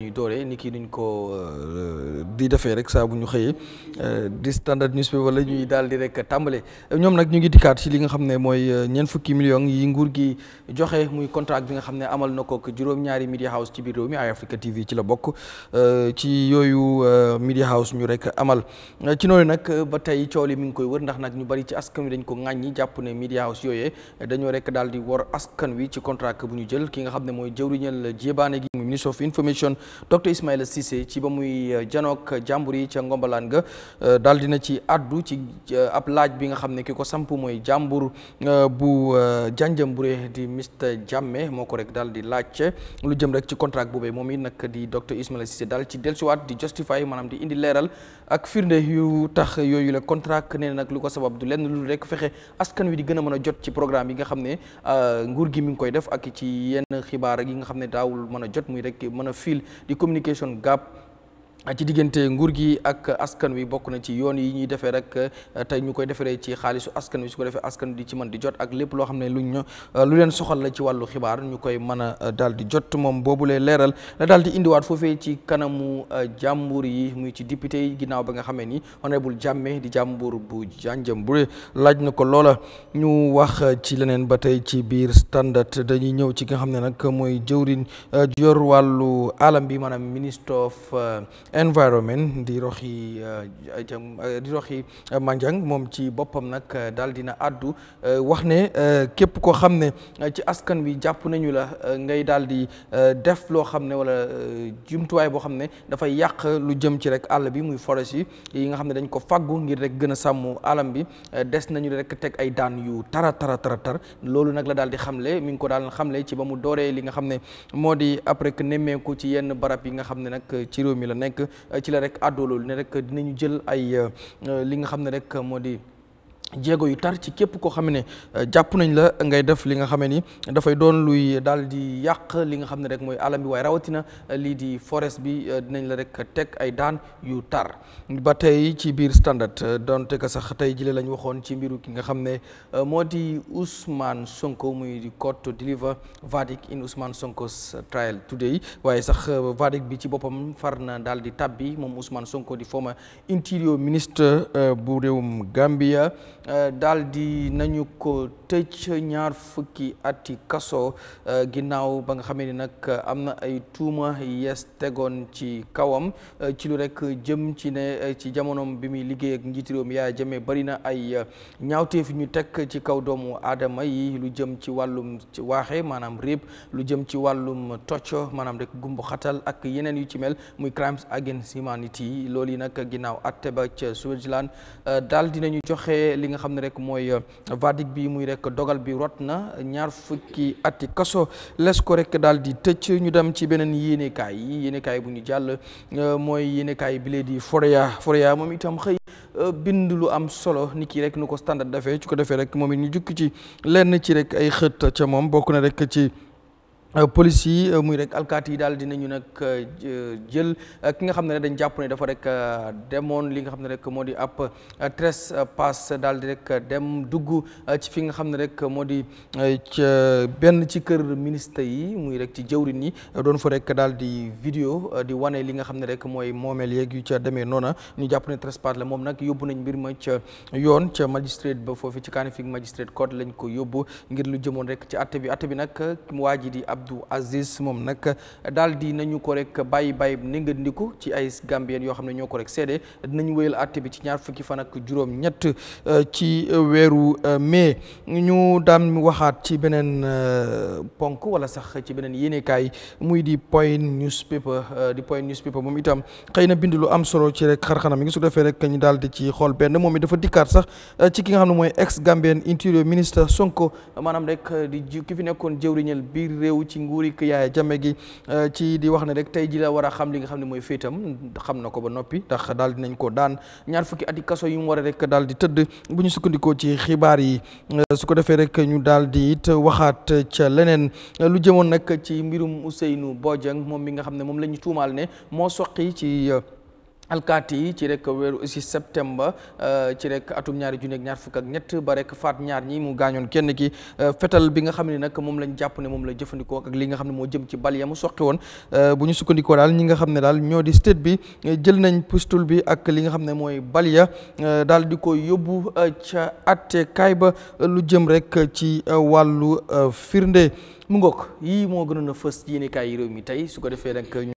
ñuy dooree ni kii nuñ ko euh, di defee rek saa bu ñu xëyee euh, di standard newspaper wala ñuy daal di rek tàmbale ñoom nag ñu ngi dikkaat ci li nga xam ne mooy euh, ñeent fukki millions yi nguur gi joxe muy contrat bi nga xam ne amal na ko juróom-ñaari media house ci biir réew mi Eye Africa TV ci la bokk ci yooyu media house ñu rek amal ci noonu nag ba tey coow li mi ngi koy wër ndax nag ñu bari ci askan wi dañ ko ŋàññi jàpp ne media house yooyee dañoo rek daal di wor askan wi ci contrat bu ñu jël ki nga xam ne mooy jëwriñal jébaane gi muy ministre of docteur Ismaïla sise ci ba muy euh, janook jàmbur yi ca ngombalaan ga euh, daal dina ci addu ci euh, ab laaj bi nga xam ne ki ko samp mooy jàmbur bu jànjam Janjanbureh di Mr Jammeh moo ko rek daal di laaj lu jëm rek ci contrat boobee moom it nag di docteur Ismaïla Cissé daal ci dellusiwaat di justify maanaam di indi leeral ak firnde yu tax yooyu la contrat nee nag lu ko sabab du lenn lu rek fexe askan wi di gën a mën a jot ci programme yi nga xam ne nguur gi mi ngi koy def ak ci yenn xibaar yi nga xam ne daawul mën a jot muy rek mën a fiil the communication gap ci diggante nguur gi ak askan wi bokk na ci yoon yi ñuy defee rek eh, te ñu koy defaree ci xaalisu askan wi su ko defee askan di ci mën di jot ak lépp loo xam ne luñ eh, lu leen soxal la ci wàllu xibaar ñu koy mën a eh, daal di jot moom boobu lay leeral la daal di indiwaat foofee ci kanamu jàmbur yi muy ci député yi ginnaaw ba nga xamee ni honorable Jammeh di jàmbur bu Janjanbureh laaj na ko loola ñu wax ci leneen ba tey ci biir standard dañuy ñëw ci nga xam ne nag mooy jëwriñ yor wàllu alam bi maanaam ministre environment di roxi euh, euh, di roxi euh, Mandiang moom ci boppam nag daal na àddu wax ne képp koo xam ne ci askan wi jàpp nañu la ngay daal di def loo xam ne wala jumtuwaay boo xam ne dafay yàq lu jëm ci rek àll bi muy forest yi nga xam ne dañ ko faggu ngir rek gën a sàmm alam bi des nañu rek teg ay daan yu tara tara tara tar loolu nag la daal di xamle mi ngi ko daal xamle ci ba mu dooree li nga xam ne moo di après que nemmeeku ci yenn barab yi nga xam ne nag ci réew mi la nekk nekk ci la rek àddoo loolu ne rek dinañu jël ay euh, li nga xam ne rek moo di jéego yu tar ci képp koo xam ne euh, jàpp nañ la ngay def li nga xam ne ni dafay doon luy daal di yàq li nga xam ne rek mooy alam bi waaye rawatina euh, lii di forest bi euh, dinañ la rek teg ay daan yu tar ba tey ci biir standard donte que sax tey jile lañ waxoon ci mbiru ki nga xam ne moo di Ousmane Sonko muy di court to deliver verdict in Ousmane Sonko's trial today waaye sax verdict bi ci boppam far na daal di tabbi moom Ousmane Sonko di former interior ministre bu réewum Gambia. Eh, daal di nañu ko tëj ñaar fukki ati kaso eh, ginnaaw ba nga xamee ni nag am na ay tuuma yees tegoon ci kawam eh, ci lu rekk jëm ci ne ci jamonoom bi muy liggéey ak njiitu réew mi Yahya bari na ay ñaawteef ñu teg ci kaw doomu aadama yi lu jëm ci wàllum ci waaxe maanaam réeb lu jëm ci wàllum tocco maanaam rek gumbu xatal ak yeneen yu ci mel muy crimes against humanity loolu yi nag ginnaaw atte ba ca Switzerland daal dinañu joxe li xam ne rek mooy euh, verdict bi muy rek dogal bi rot na ñaar fukki ati kaso les ko rek daal di tëj ñu dem ci beneen yéenekaay yi yéenekaay bu ñu jàll euh, mooy yéenekaay bi lee di Foria Foria moom itam xëy euh, bind lu am solo nit ki rek nu ko standard defee ci ko defee rek moom it ñu jukki ci lenn ci rek ay xët ca moom bokk na rek ci Euh, police yi euh, muy rek alkaati yi di nañu nag euh, jël ki nga xam ne dañ jàpp ne dafa rek demoon li nga xam ne rek moo di ab trespass daal di rek dem dugg ci fi nga xam ne rek moo di benn ci kër ministre yi muy rek ci jëwrin yi doon fa rek daal di vidéo di wane li nga xam ne rek mooy moomeel yeeg yu ca demee noona ñu jàpp ne trespass la moom nag yóbbu nañ mbir ma ca yoon ca magistrate ba foofu ci Kanifing magistrate code lañ ko yóbbu ngir lu jëmoon rek ci atte bi atte bi nag waa ji di Abdou Aziz moom nag daal di nañu ko rek bàyyi bàyyi ni nga ndiku ci ay Gambien yoo xam ne ñoo ko rek seede dinañ wéyal àtte bi ci ñaar fukki fan ak juróom-ñett euh, ci weeru euh, mai ñu daan waxaat ci beneen euh, ponk wala sax ci beneen yéenekaay muy di Point Newspaper di Point Newspaper moom itam xëy na bind lu am solo ci rek xar-xanam yi su defee rek ñu daal di ci xool benn moom it dafa dikkaat sax ci ki nga xam ne mooy ex Gambien intérieur ministre Sonko maanaam ci nguur Yaya Jammeh gi euh, ci di wax ne rek tey ji la war a xam li nga xam ne mooy féetam xam na ko ba noppi ndax daal nañ ko daan ñaar fukki ati kaso yu mu war a rek daal di tëdd bu ñu sukkandikoo ci xibaar yi euh, su ko defee rek ñu daal di it waxaat ca leneen lu jëmoon nag ci mbirum Ousseynou Bodiang moom bi nga xam ne moom la ñu tuumaal ne moo soqi ci euh, alkaati yi ci rek weeru si septembre euh, ci rek atum ñaari junni ak ñaar fukk ak ñett ba rek faat ñaar ñi mu gaañoon kenn ki euh, fetal bi nga xam ne nag moom lañ jàpp ne moom la jëfandikoo ak li nga xam ne moo jëm ci bal ya mu soqi woon euh, bu ñu sukkandikoo daal ñi nga xam ne daal ñoo di state bi jël nañ pistol bi ak li nga xam ne mooy bal daal di ko yóbbu ca atte kaay ba lu jëm rek ci wàllu firnde mu ngoog yii moo gënoon a fës yéene kaay yi réew mi tey su ko defee rek